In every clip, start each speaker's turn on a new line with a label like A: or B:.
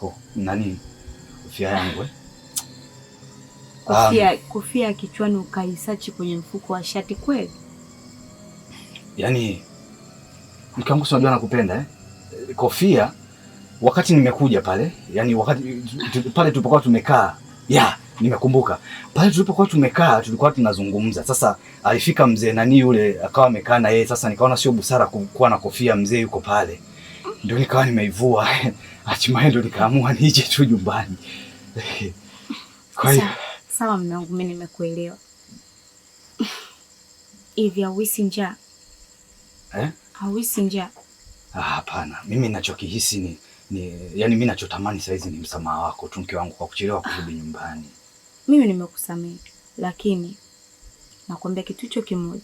A: ko nani kofia yangu eh?
B: Kofia, um, kofia kichwani ukaisachi kwenye mfuko wa shati kweli?
A: Yaani mke wangu unajua nakupenda eh? Kofia wakati nimekuja pale, yani wakati pale tulipokuwa tumekaa yeah, nimekumbuka pale tulipokuwa tumekaa tulikuwa tunazungumza. Sasa alifika mzee nani yule, akawa amekaa na yeye. Sasa nikaona sio busara kuwa na kofia, mzee yuko pale ndio nikawa nimeivua, hatimaye ndio nikaamua nije tu nyumbani.
B: Kwa hiyo sawa, mume wangu, mimi nimekuelewa. Hivi hauhisi njaa eh? Hauhisi njaa?
A: Ah, hapana, mimi ninachokihisi ni, ni yani mimi ninachotamani saa hizi ni msamaha wako tu mke wangu kwa kuchelewa ah. kurudi nyumbani.
B: Mimi nimekusamehe, lakini nakwambia kitu hicho kimoja,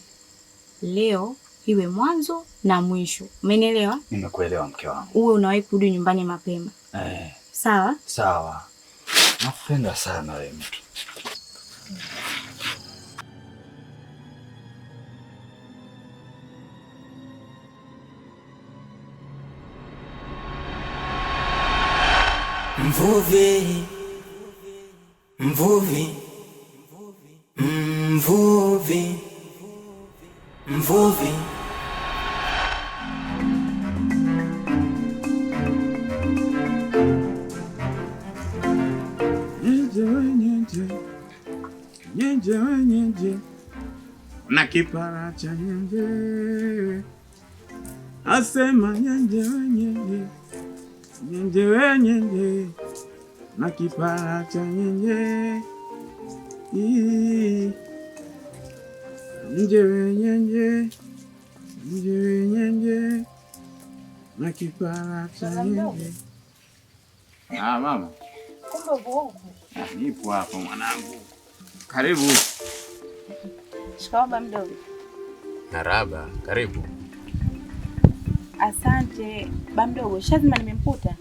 B: leo iwe mwanzo na mwisho. Umenielewa?
A: Nimekuelewa mke wangu.
B: Uwe unawahi kurudi nyumbani mapema eh. Sawa
A: sawa, nakupenda sana wewe mtu Mvuvi, Mvuvi, mvuvi, mvuvi, mvuvi, mvuvi. nyenje we nyenje na kipara cha nyenje asema nyenje we nyenje nyenje we nyenje na kipara cha nyenje nyenje we nyenje nyenje we nyenje na kipara cha nyenje. Ah, mama,
B: kumbe uko
A: ah, nipo hapo mwanangu. Karibu.
B: Shikaba mdogo.
A: naraba karibu.
B: Asante bamdogo mdogo. Shazima nimemkuta.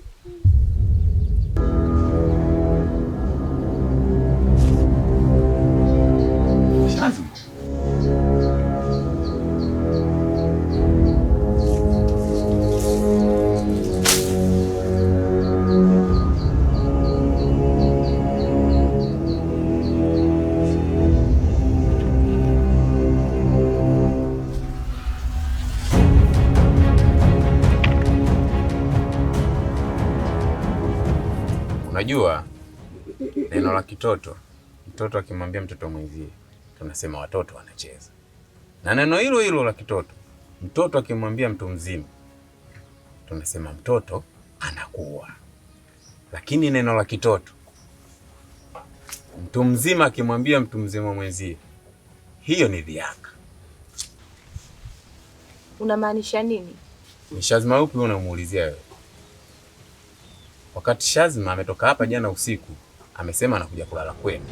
A: mtoto, mtoto akimwambia mtoto mwenzie, tunasema watoto wanacheza. Na neno hilo hilo la kitoto, mtoto akimwambia mtu mzima, tunasema mtoto anakuwa. Lakini neno la kitoto, mtu mzima akimwambia mtu mzima mwenzie, hiyo ni dhihaka.
B: Unamaanisha nini?
A: Ni Shazima upi unamuulizia wewe? Wakati Shazima ametoka hapa jana usiku amesema anakuja kulala kwenu.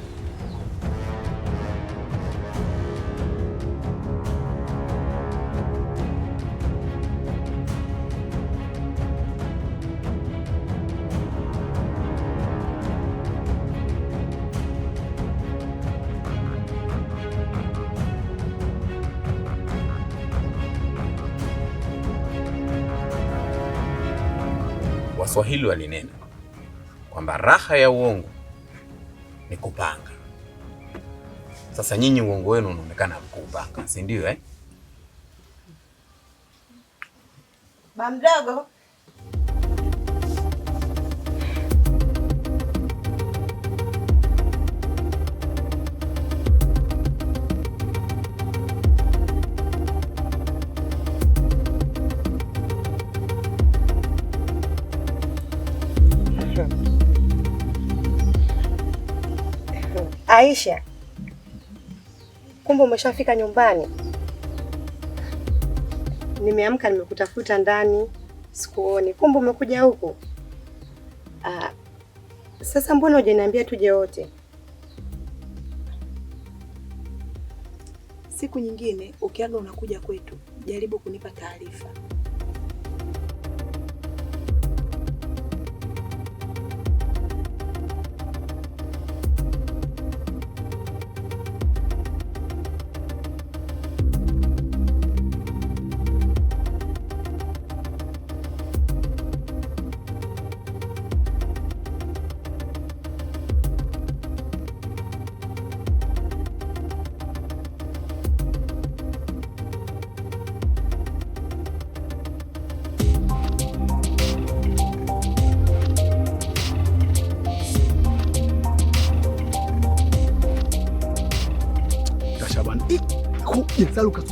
A: Waswahili walinena kwamba raha ya uongo ni kupanga. Sasa nyinyi uongo wenu unaonekana kupanga, si ndio eh?
B: Ba mdogo Aisha, kumbe umeshafika nyumbani? Nimeamka nimekutafuta ndani, sikuoni. Kumbe umekuja huku. Ah, sasa mbona hujaniambia tuje wote?
C: Siku nyingine ukiaga unakuja kwetu, jaribu kunipa taarifa.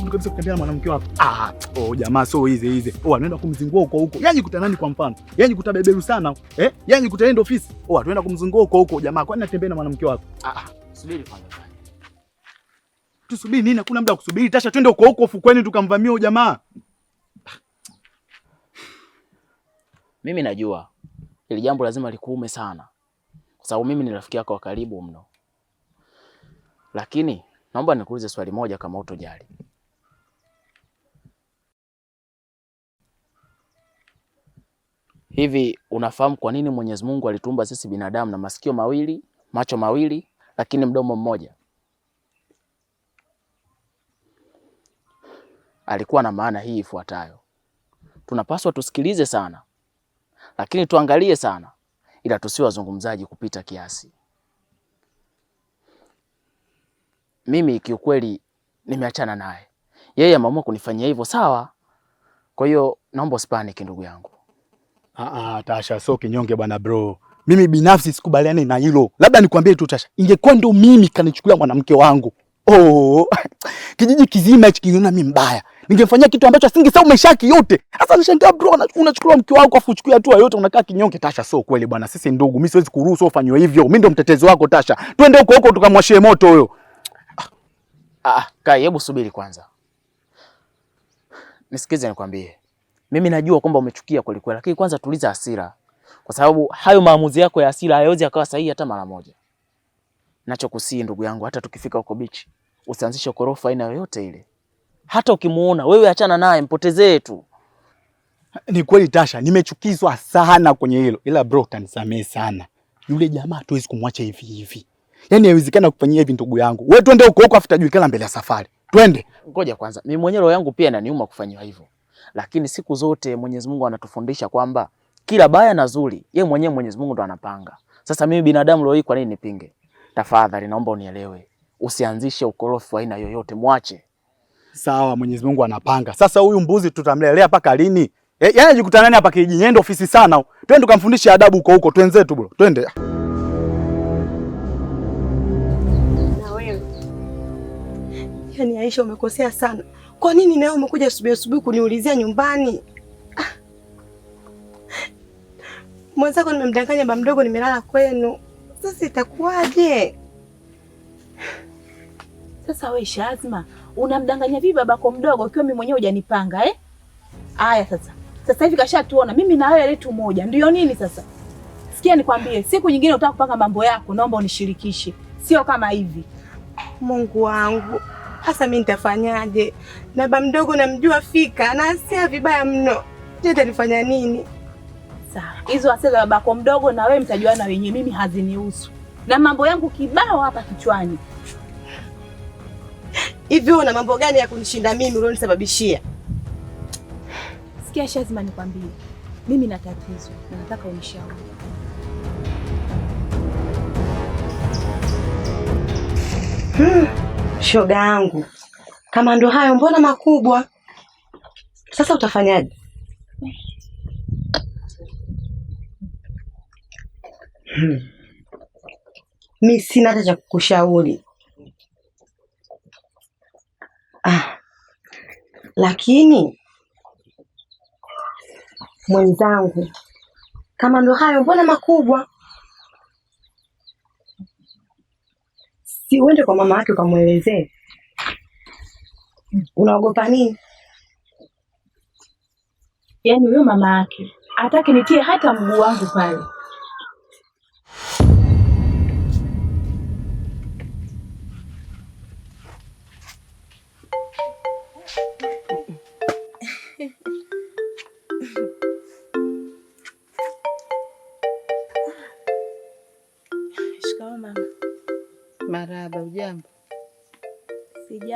A: mtu kabisa kutembea na mwanamke wako. Ah, oh jamaa so hizi hizi. Oh anaenda kumzingua huko huko. Yaani kuta nani kwa mfano? Yaani kuta beberu sana. Eh? Yaani kuta end ofisi. Oh anaenda kumzingua huko huko jamaa. Kwani anatembea na mwanamke wako? Ah ah. Subiri kwanza. Tusubiri nini? Hakuna muda wa kusubiri. Tasha twende huko huko ufukweni tukamvamia huyo jamaa.
C: Mimi najua ili jambo lazima likuume sana, kwa sababu mimi ni rafiki yako wa karibu mno, lakini naomba nikuulize swali moja, kama utojali. Hivi unafahamu kwa nini Mwenyezi Mungu alitumba sisi binadamu na masikio mawili, macho mawili, lakini mdomo mmoja? Alikuwa na maana hii ifuatayo. Tunapaswa tusikilize sana, lakini tuangalie sana, ila tusiwe wazungumzaji kupita kiasi. Mimi kiukweli nimeachana naye, yeye ameamua kunifanyia hivyo, sawa. Kwa hiyo naomba usipanike ndugu yangu.
A: Ah, ah, Tasha so kinyonge bwana bro. Mimi binafsi sikubaliani na hilo. Labda nikwambie tu Tasha, ingekuwa ndio mimi kanichukulia mwanamke wangu. Oh, kijiji kizima hichi kiniona mimi mbaya. Ningemfanyia kitu ambacho asingesahau maisha yake yote. Sasa nishangaa bro, unachukua mke wako afu uchukue hatua yote unakaa kinyonge Tasha, so kweli bwana. Sisi ndugu, mimi siwezi kuruhusu ufanywe hivyo. Mimi ndio mtetezi wako Tasha. Twende huko huko tukamwashie moto huyo. Ah,
C: ah, kai hebu subiri kwanza. Nisikize nikwambie. Mimi najua kwamba umechukia kweli kweli, lakini kwanza tuliza hasira, kwa sababu hayo maamuzi yako ya hasira hayawezi akawa sahihi hata mara moja. Nachokusii ndugu yangu, hata tukifika huko bichi usianzishe korofa aina yoyote ile. Hata ukimuona wewe, achana naye, mpotezee tu.
A: Ni kweli Tasha, nimechukizwa sana kwenye hilo, ila bro, utanisamehe sana. Yule jamaa tuwezi kumwacha hivi hivi, yaani haiwezekana kufanyia hivi ndugu yangu. Wewe twende huko huko, afuta jui kila mbele ya safari, twende.
C: Ngoja kwanza, mimi mwenyewe roho yangu pia inaniuma kufanywa hivyo lakini siku zote Mwenyezi Mungu anatufundisha kwamba kila baya na zuri yeye mwenyewe Mwenyezi Mungu ndo anapanga. Sasa mimi binadamu leo hii kwa nini nipinge? Tafadhali naomba unielewe, usianzishe ukorofi wa aina yoyote, mwache.
A: Sawa, Mwenyezi Mungu anapanga. Sasa huyu mbuzi tutamlelea mpaka lini? E, yaani jikutana nani hapa kijijini? Nenda ofisi sana. Twende tukamfundishe adabu huko huko. Twenzetu bro. Twende.
B: Na wewe. Yaani Aisha umekosea sana. Kwa nini nawe umekuja asubuhi asubuhi kuniulizia nyumbani? Ah. Mwenzako nimemdanganya baba mdogo, nimelala kwenu. Sasa itakuwaje?
D: Sasa we Shazma, unamdanganya vipi babako mdogo ukiwa mimi mwenyewe hujanipanga eh? Aya sasa. Sasa hivi kashatuona mimi na wewe letu moja. Ndio nini sasa? Sikia nikwambie, siku nyingine utaka kupanga mambo yako, naomba unishirikishe. Sio kama hivi.
B: Mungu wangu. Sasa mimi nitafanyaje? na baba mdogo namjua fika na asia vibaya mno, nitalifanya nini?
D: Sawa, hizo asia za babako mdogo na wewe mtajuana wenyewe, mimi hazinihusu na mambo yangu kibao hapa kichwani. Hivi una mambo gani ya kunishinda mimi ulionisababishia? Sikia Shazima, nikwambie mimi na tatizo na nataka unishauri.
B: Hmm, shoga yangu kama ndo hayo, mbona makubwa? Sasa utafanyaje? Hmm. Mi sina hata cha kukushauri. Ah. Lakini mwenzangu, kama ndo hayo, mbona makubwa? Si uende kwa mama yake ukamwelezee Unaogopa nini?
D: Yaani huyo mama yake hataki nitie hata mguu wangu pale.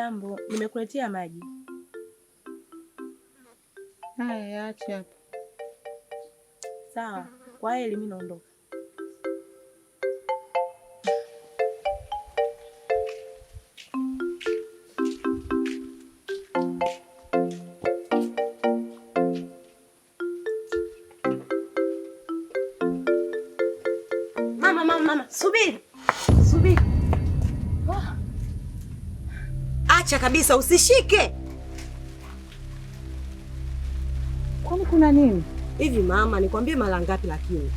D: Jambo, nimekuletea maji
E: haya. Yaache hapo.
D: Sawa, kwa heri, mimi naondoka. acha kabisa, usishike.
E: Kwani kuna nini
D: hivi mama? Nikwambie mara ngapi? Lakini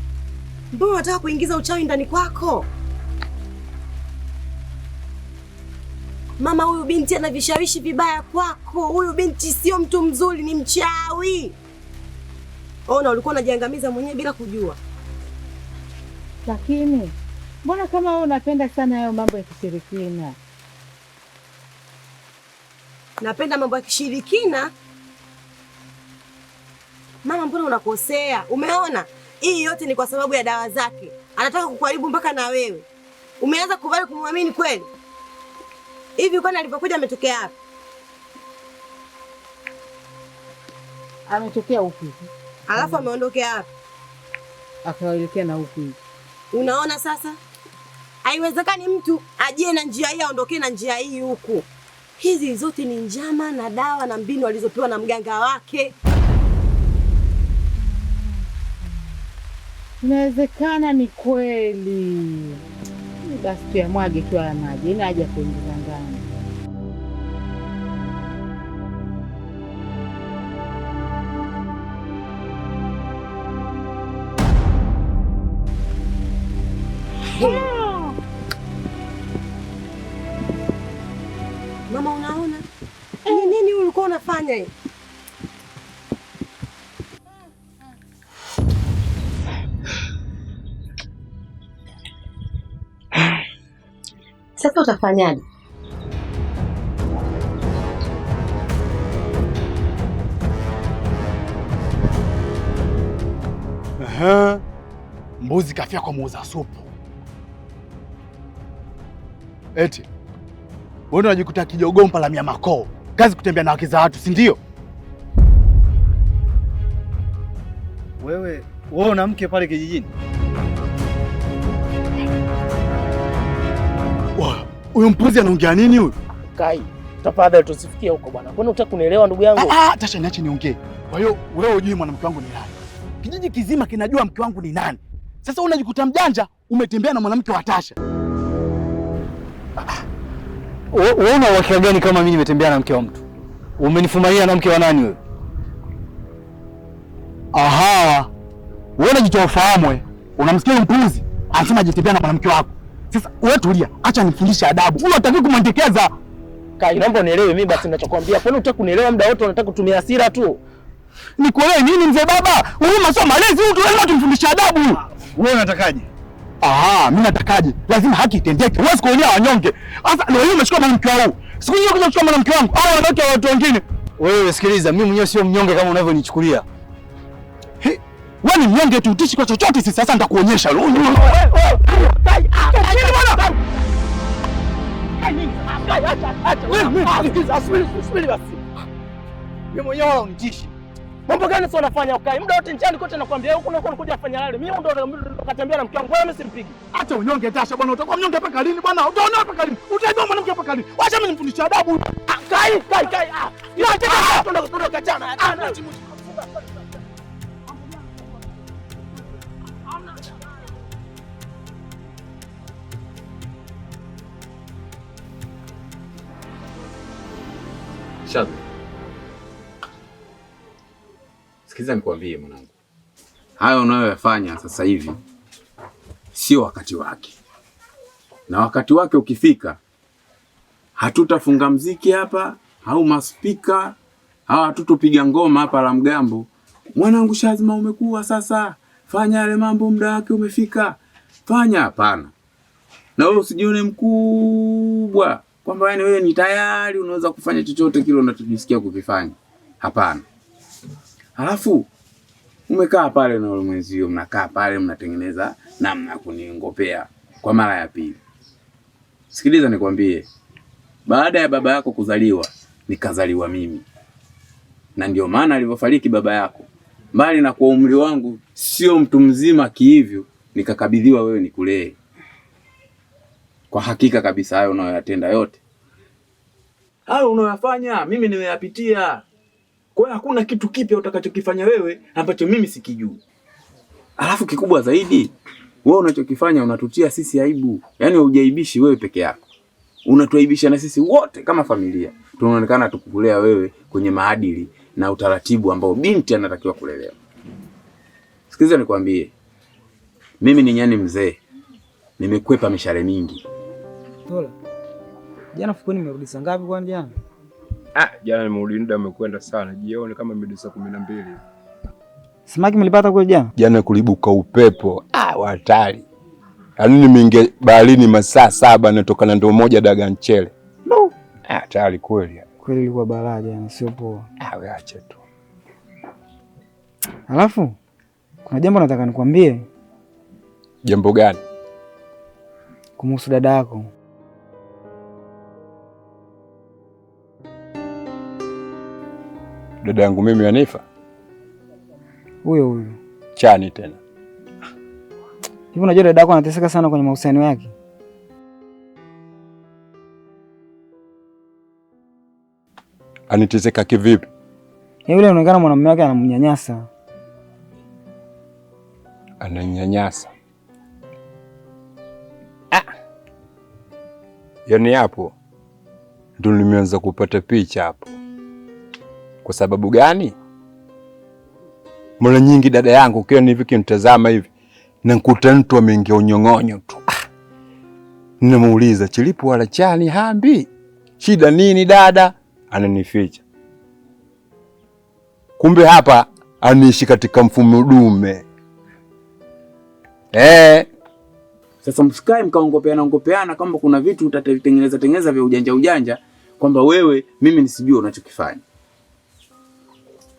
D: mbona unataka kuingiza uchawi ndani kwako? Mama, huyu binti ana vishawishi vibaya kwako. Huyu binti sio mtu mzuri, ni mchawi. Ona, ulikuwa unajiangamiza mwenyewe bila kujua.
E: Lakini mbona kama wewe unapenda sana hayo mambo ya kishirikina?
D: napenda mambo ya kishirikina. Mama, mbona unakosea? Umeona, hii yote ni kwa sababu ya dawa zake. Anataka kukuharibu mpaka na wewe. Umeanza kukubali kumwamini kweli? Hivi kwani alipokuja ametokea wapi?
E: Ametokea huku.
D: Alafu ameondokea wapi?
E: Akaelekea na huku.
D: Unaona sasa, haiwezekani mtu ajie na njia hii aondokee na njia hii huku. Hizi zote ni njama na dawa na mbinu alizopewa na mganga wake.
E: Inawezekana ni kweli. Basi tuyamwage tu haya maji, ina haja kuingiza
D: Fanya hivi. Sasa utafanyaje?
A: Aha. Mbuzi kafia kwa muuza supu. Eti wewe unajikuta kijogompa la mnyamakoo kazi kutembea na wake za watu, si ndio?
C: Wewe wewe una mke pale kijijini?
A: Huyu mpuzi anaongea nini huyu?
C: Kai, tafadhali tusifikie huko bwana. Kwani unataka kunielewa ndugu yangu?
A: Ah, ah, tasha niache niongee. Kwa hiyo wewe hujui mwanamke wangu ni nani? Kijiji kizima kinajua mke wangu ni nani. Sasa unajikuta mjanja umetembea na mwanamke wa Tasha wewe una uhakika gani kama mimi nimetembea na mke wa mtu? Umenifumania na mke wa nani wewe? Aha. Wewe unajitoa ufahamwe. Unamsikia mpuzi anasema jitembea na mwanamke wako. Sasa wewe tulia, acha nifundishe adabu. Huyo hataki kumwendekeza.
C: Kai, naomba unielewe mimi basi ninachokuambia. Kwani unataka kunielewa muda wote unataka kutumia hasira tu?
A: Nikuelewe nini mzee baba? Huruma sio malezi, huyu tunafundisha adabu.
C: Wewe unatakaje?
A: Ah, mimi natakaje? Lazima haki itendeke. Huwezi kuonea wanyonge. Sasa leo hii umechukua mwanamke wangu. Siku hiyo kuja kuchukua mwanamke wangu au wanawake wa watu wengine.
C: Wewe sikiliza, mimi mwenyewe sio mnyonge kama unavyonichukulia.
A: Wewe ni mnyonge tu, utishi kwa chochote sisi. Sasa nitakuonyesha leo. Wewe
C: Mimi mwenyewe unitishi. Mambo gani sio unafanya ukai? Muda wote njiani kote nakwambia huko na huko nakuja kufanya lale. Mimi ndo nakatembea na mke wangu wewe simpiki.
A: Acha unyonge Tasha bwana, utakuwa mnyonge mpaka lini bwana? Utaona mpaka lini? Utaibomba mwanamke mpaka lini? Acha mimi nimfundishe adabu. Ah, kai kai kai. Ah, nataka tuende kutoka kachana. Ah, na timu. Shut Sikiza nikwambie mwanangu, hayo unayoyafanya sasa hivi sio wakati wake, na wakati wake ukifika, hatutafunga mziki hapa au maspika au hatutupiga ngoma hapa la mgambo. Mwanangu Shazima, umekuwa sasa, fanya yale mambo, muda wake umefika. Fanya hapana, na wewe usijione mkubwa kwamba yani wewe ni tayari unaweza kufanya chochote kile unachojisikia kukifanya. Hapana. Halafu umekaa pale na mwenzio, mnakaa pale mnatengeneza namna ya kuningopea kwa mara ya pili. Sikiliza nikwambie, baada ya baba yako kuzaliwa nikazaliwa mimi, na ndio maana alivyofariki baba yako, mbali na kwa umri wangu sio mtu mzima kihivyo, nikakabidhiwa wewe nikulee. Kwa hakika kabisa hayo unayoyatenda yote, hayo unayoyafanya, mimi nimeyapitia. Kwa hiyo hakuna kitu kipya utakachokifanya wewe ambacho mimi sikijui. Alafu kikubwa zaidi, wewe unachokifanya unatutia sisi aibu. Yaani hujaibishi wewe peke yako. Unatuaibisha na sisi wote kama familia. Tunaonekana tukukulea wewe kwenye maadili na utaratibu ambao binti anatakiwa kulelewa. Sikiliza nikwambie. Mimi ni nyani mzee. Nimekwepa mishale mingi.
C: Tola. Jana fukoni nimerudi sangapi kwani jana?
A: Ah, jana nimeulinda amekwenda sana. Jioni kama mida saa kumi na mbili.
C: Samaki mlipata kule jana?
A: Jana kulibuka upepo. Ah, watali. Yaani nimeingia baharini masaa saba natoka na ndoo moja daga nchele. No. Ah, tayari kweli.
C: Kweli ilikuwa balaa jana, sio poa.
A: Ah, wewe acha tu.
C: Alafu kuna jambo nataka nikwambie. Jambo gani? Kumhusu dada yako.
A: dada yangu mimi Hanifa, huyo huyo chani tena
C: hivi. Unajua dada yako anateseka sana kwenye mahusiano yake.
A: Aniteseka kivipi?
C: Yule anaonekana mwanamume wake anamnyanyasa.
A: Ananyanyasa? Ah, yaani hapo ndo nimeanza kupata picha hapo. Kwa sababu gani? Mara nyingi dada yangu, kila ni hivi hivi, nakuta mtu ameingia unyong'onyo tu, ah! namuuliza chilipo wala chani hambi, shida nini dada? Ananificha. Kumbe hapa aniishi katika mfumo dume eh. Sasa msikae mkaongopeana ongopeana kwamba kuna vitu utatengeneza tengeneza vya ujanja ujanja, kwamba wewe mimi nisijue unachokifanya.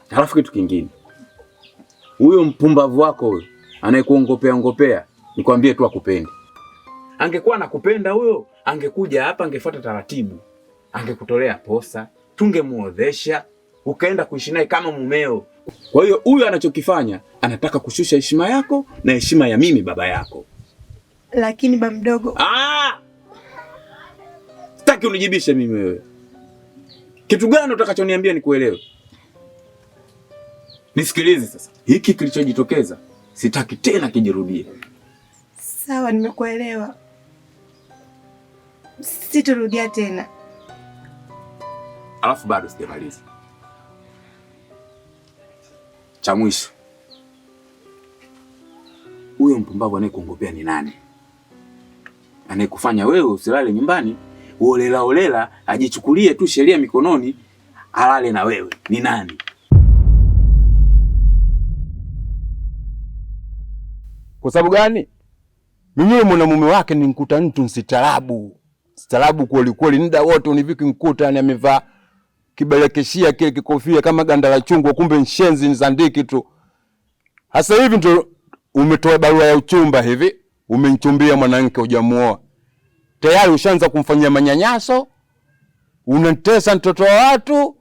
A: Halafu kitu kingine, huyo mpumbavu wako huyo anayekuongopea ngopea, nikwambie tu akupende. Angekuwa anakupenda huyo, angekuja hapa, angefuata taratibu, angekutolea posa, tungemuodhesha, ukaenda kuishi naye kama mumeo. Kwa hiyo huyo anachokifanya anataka kushusha heshima yako na heshima ya mimi baba yako.
B: Lakini ba mdogo,
A: ah, sitaki unijibishe mimi. Wewe kitu gani utakachoniambia nikuelewe? Nisikilize sasa, hiki kilichojitokeza sitaki tena kijirudie.
B: Sawa, nimekuelewa, siturudia tena.
A: Alafu bado sijamaliza, cha mwisho, huyo mpumbavu anayekuongopea ni nani? Anayekufanya wewe usilale nyumbani uolelaolela, ajichukulie tu sheria mikononi, alale na wewe ni nani? Kwa sababu gani? Mimi mwanamume wake nimkuta mtu mstaarabu, mstaarabu kweli kweli, nda wote univiki nkuta ni amevaa kibelekeshia kile kikofia kama ganda la chungwa, kumbe nshenzi nzandiki tu. Hasa hivi ndio umetoa barua ya uchumba hivi, umenchumbia mwanamke hujamuoa, tayari ushaanza kumfanyia manyanyaso, Unatesa mtoto wa watu,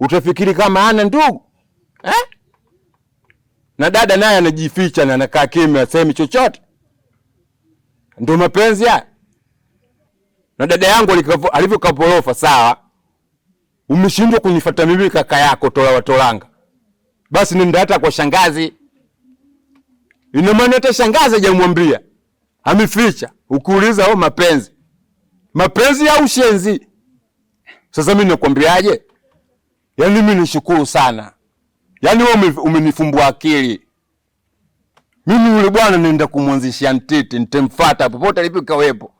A: utafikiri kama ana ndugu eh? na dada naye anajificha na anakaa kimya, asemi chochote. Ndio mapenzi haya. Na dada yangu alivyokaporofa, sawa, umeshindwa kunifata mimi kaka yako tola watolanga, basi nenda hata kwa shangazi. Ina maana hata shangazi hajamwambia, ameficha. Ukiuliza o, mapenzi, mapenzi au shenzi? Sasa mi nakwambiaje? Yaani mi nishukuru sana Yaani wewe umenifumbua akili. Mimi yule bwana nenda kumwanzishia Ntete, nitemfuata popote alipo kawepo.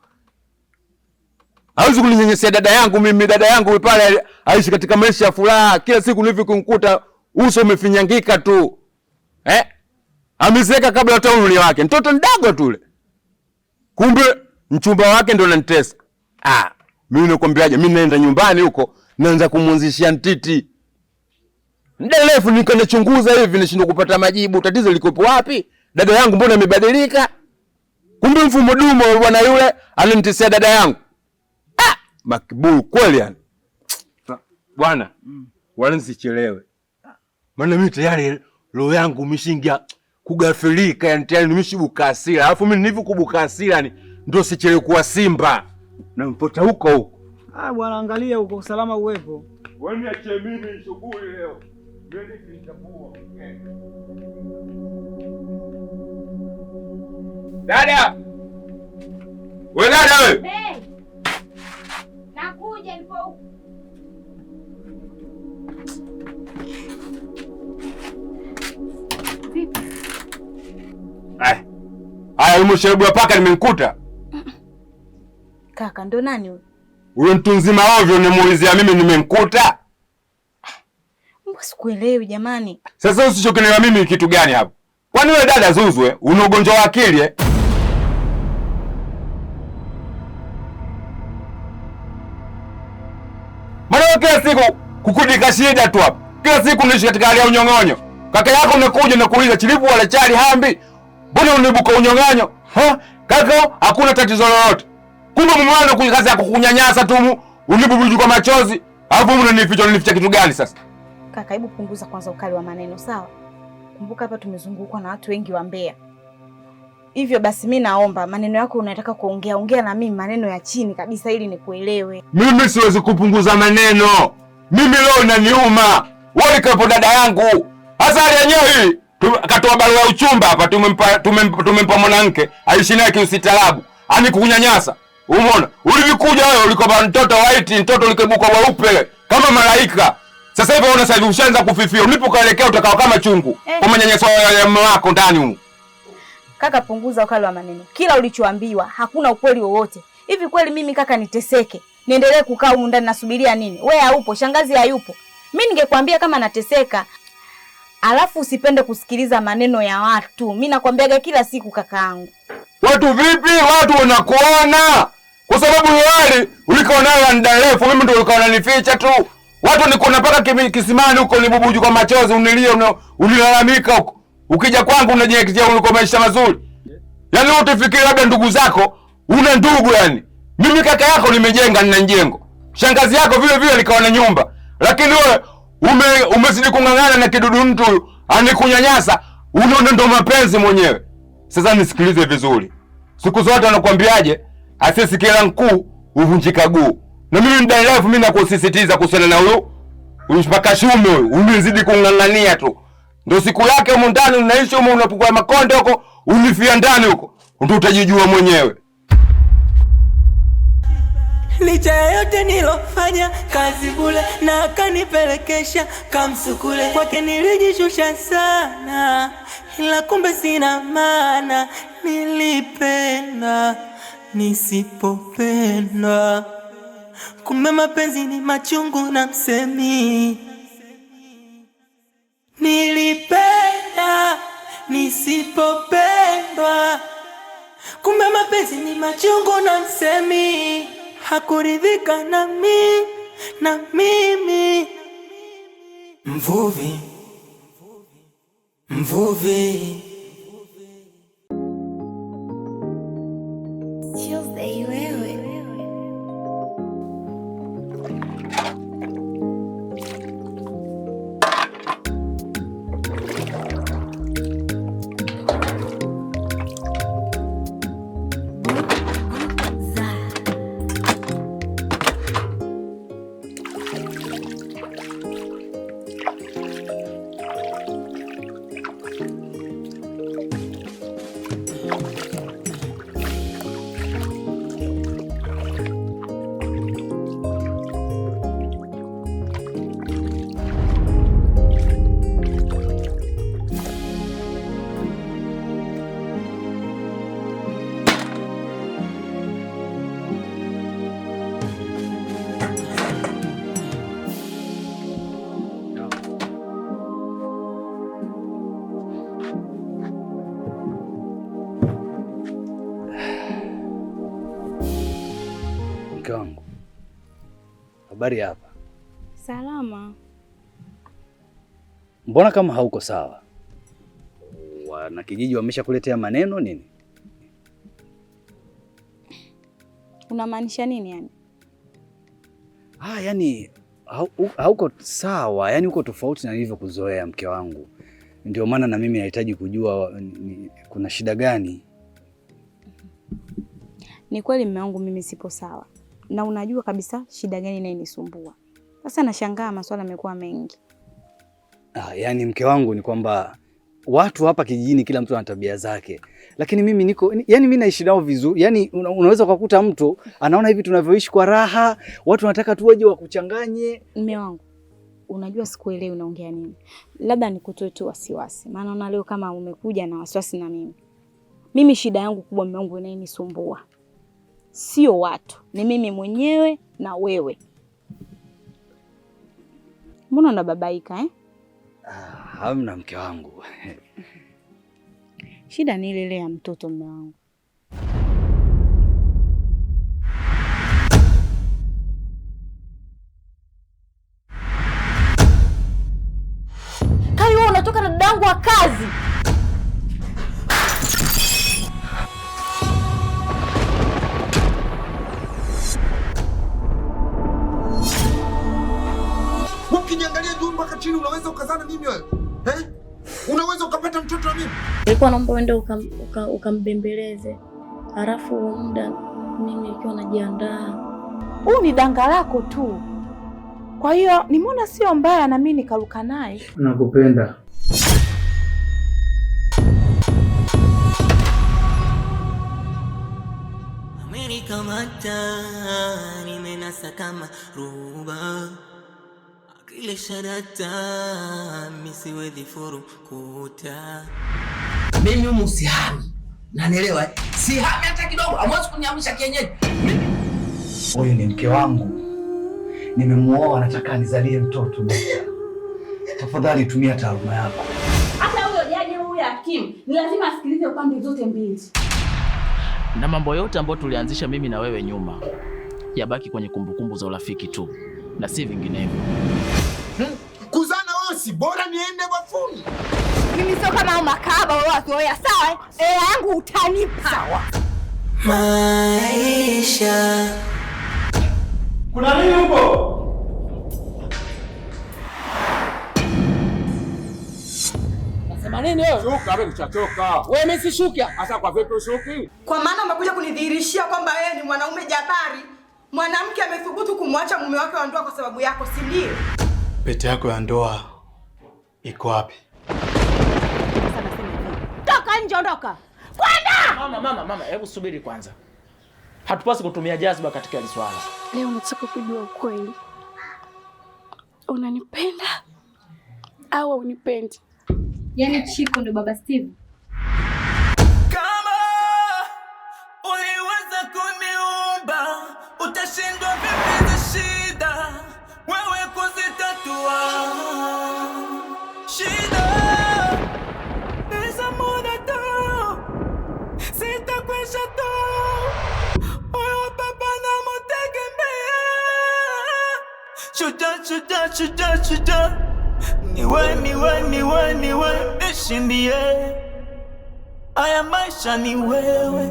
A: Hawezi kulinyenyesea dada yangu mimi, dada yangu yule pale aishi katika maisha ya furaha. Kila siku nilivyo kumkuta uso umefinyangika tu. Eh? Amezeka kabla hata umri wake. Mtoto mdogo tu yule. Kumbe mchumba wake ndio ananitesa. Ah, mimi nakwambiaje? Mimi naenda nyumbani huko naanza kumwanzishia ntiti muda mrefu niko nachunguza hivi, nishindwa kupata majibu. Tatizo likopo wapi? Dada yangu mbona amebadilika? Kumbe mfumo dumo bwana yule alimtisia dada yangu. Ah, makibulu kweli yani. Bwana, mm. wala nisichelewe. Maana mimi tayari roho yangu mishingia kugafilika yani tayari nimeshibuka hasira. Alafu mimi nilivyo kubuka hasira yani ndio sichelewe kuwa simba. Na mpota huko huko.
C: Ah, bwana angalia huko usalama uwepo.
A: Wewe niache mimi shughuli leo really is Dada! We dada we!
B: Nakuja nipo
A: eh, paka nimemkuta.
B: Kaka, ndo nani huyo?
A: Huyo mtu mzima ovyo, nimuulizia mimi nimemkuta.
B: Ah, sikuelewi jamani.
A: Sasa usichokelewa mimi kitu gani hapo? Kwani wewe dada Zuzwe eh? una ugonjwa wa akili eh? Maana kila siku kukudika shida tu hapa. Kila siku unaishi katika hali ya unyong'onyo. Kaka yako unakuja na kuuliza chilipu wala chali hambi. Mbona unibuka unyong'onyo? Ha? Kaka hakuna tatizo lolote. Kumbe mume wangu kazi ya kukunyanyasa tu, unibubuju kwa machozi. Alafu unanificha, unanificha kitu gani sasa?
D: Kaka, hebu punguza kwanza ukali wa maneno, sawa? Kumbuka hapa tumezungukwa na watu wengi wa mbea. Hivyo basi mi naomba maneno yako unataka kuongea ongea na mimi maneno ya chini kabisa ili nikuelewe.
A: Mimi siwezi kupunguza maneno. Mimi leo inaniuma. Wewe kapo dada yangu. Hasara yenyewe hii. Akatoa barua ya uchumba hapa tumempa tumempa, tumempa mwanamke aishi naye kiusitarabu. Ani kukunyanyasa. Umeona? Ulivikuja wewe ulikoba mtoto white, mtoto ulikebuka weupe kama malaika. Sasa hivi unaona sasa ushaanza kufifia. ulipo kaelekea utakao kama chungu. Eh. Kwa eh, manyanyaso ya mume wako ndani huko.
D: Kaka, punguza ukali wa maneno. Kila ulichoambiwa hakuna ukweli wowote. Hivi kweli mimi kaka niteseke? Niendelee kukaa huko ndani nasubiria nini? Wewe haupo, shangazi hayupo. Mimi ningekwambia kama nateseka. Alafu usipende kusikiliza maneno ya watu. Mimi nakwambiaga kila siku kakaangu.
A: Watu vipi? Watu wanakuona. Kwa sababu yale ulikaona nayo muda mimi ndio ulikaona nificha tu watu nikuona mpaka kisimani huko unibubuju kwa machozi, unilia, unilalamika huko, ukija kwangu unajiekea uko maisha mazuri. Yaani wewe utafikiri labda ndugu zako una ndugu yani. Mimi kaka yako nimejenga, nina jengo, shangazi yako vile vile nikawa na nyumba, lakini wewe ume, umezidi kung'ang'ana na kidudu mtu anikunyanyasa, unaona ndo mapenzi mwenyewe. Sasa nisikilize vizuri, siku zote anakuambiaje? Asiyesikia la mkuu huvunjika guu. Na mimi muda mrefu mimi nakusisitiza kuhusiana na huyu mpaka shume huyu, unizidi kung'ang'ania tu, ndio siku yake humu ndani unaishi humu, unapokuwa makonde huko, ulifia ndani huko, ndio utajijua mwenyewe.
F: Licha ya yote nilofanya, kazi bule na akanipelekesha kamsukule kwake, nilijishusha sana, ila kumbe sina maana, nilipenda nisipopenda Kumbe mapenzi ni machungu na msemi. Nilipenda nisipopendwa, kumbe mapenzi ni machungu na msemi. Hakuridhika na mi na mimi. Mvuvi, mvuvi
A: habari hapa?
B: Salama.
A: Mbona kama hauko sawa? Wanakijiji wameshakuletea maneno nini?
B: Unamaanisha nini yani?
A: Ah, yani hauko sawa, yani uko tofauti na nilivyokuzoea mke wangu. Ndio maana na mimi nahitaji kujua ni, kuna shida gani?
B: Ni kweli mume wangu, mimi sipo sawa na unajua kabisa shida gani inayenisumbua. Sasa nashangaa maswala yamekuwa mengi.
A: Ah, yani mke wangu ni kwamba watu hapa kijijini kila mtu ana tabia zake, lakini mimi niko yani, mimi naishi nao vizuri yani, una, unaweza ukakuta mtu anaona hivi tunavyoishi kwa raha, watu wanataka tu waje wakuchanganye.
B: Mme wangu, unajua sikuelewi unaongea nini. Labda nikutoe tu wasiwasi, maana ona leo kama umekuja na wasiwasi na mimi. Mimi shida yangu kubwa, mme wangu, inayenisumbua sio watu, ni mimi mwenyewe na wewe. Mbona unababaika eh?
A: Ah, hamna mke wangu
B: shida ni ile ile ya mtoto mme wangu. Kali wewe unatoka na dadangu wa kazi
A: Ukiniangalia juu mpaka chini unaweza ukazana mimi wewe. Eh? Unaweza ukapata mtoto na mimi?
B: Nilikuwa naomba uende ukambembeleze uka, uka alafu muda mimi nikiwa najiandaa. Huu ni danga lako tu. Kwa hiyo nimeona sio mbaya na mimi nikaruka naye.
A: Nakupenda. nimenasa kama ruba kile sharata Mimi humu sihami, nanielewa, sihami hata kidogo. Hamwezi kuniamsha kienyeji. Huyu ni mke wangu, nimemuoa, nataka nizalie mtoto. mmoja. Tafadhali tumia taaluma yako.
B: Hata huyo jaji huyo hakimu ni lazima asikilize upande zote mbili,
C: na mambo yote ambayo tulianzisha mimi na wewe nyuma yabaki kwenye kumbukumbu za urafiki tu na si vinginevyo.
A: Hmm? Kuzana wewe si bora niende wafuni.
B: Mimi sio kama hao makaba wao wazoea sawa. Eh, ee, yangu utanipa. Sawa. Maisha.
A: Kuna nini huko? Nasema wewe? Shuka, wewe unachoka.
B: Wewe mimi si shuka.
A: Asa kwa vipi ushuki?
B: Kwa maana umekuja kunidhihirishia kwamba wewe ni mwanaume jabari. Mwanamke amethubutu kumwacha mume wake wa ndoa kwa sababu yako, si ndio?
A: Pete yako ya ndoa iko wapi?
B: Toka nje, ondoka, kwenda!
C: Mama, mama, mama, hebu subiri kwanza. Hatupasi kutumia jazba katika hili swala.
B: Leo nataka kujua ukweli, unanipenda au unipendi? Yaani Chiko ndo baba Steve? Kama uliweza kuniumba utashindwa
F: chuda chuda, niwe niwe niwe niwe, nishindie aya maisha ni wewe.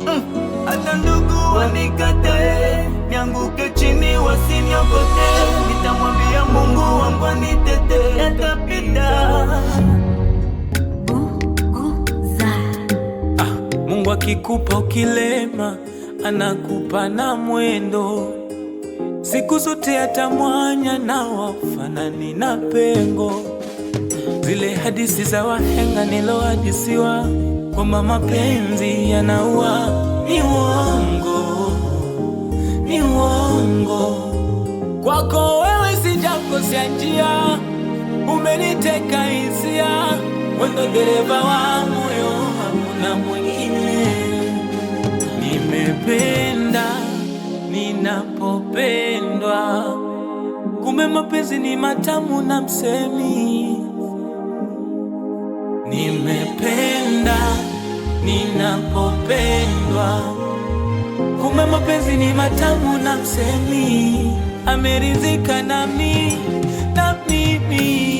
F: Mm. Hata ndugu wanikatae, nianguke chini wasiniokote, nitamwambia Mungu wangu anitete, yatapita. Ah, Mungu akikupa ukilema, anakupa na mwendo siku zote atamwanya na wafanani na pengo, zile hadisi za wahenga nilohadisiwa kwamba mapenzi yanaua, ni uongo, ni uongo. Kwako wewe sijakosea njia, umeniteka hisia, wendo dereva wa moyo, hakuna mwingine nimependa ninapopendwa, kumbe mapenzi ni matamu na msemi. Nimependa ninapopendwa, kumbe mapenzi ni matamu na msemi. Ameridhika nami na mimi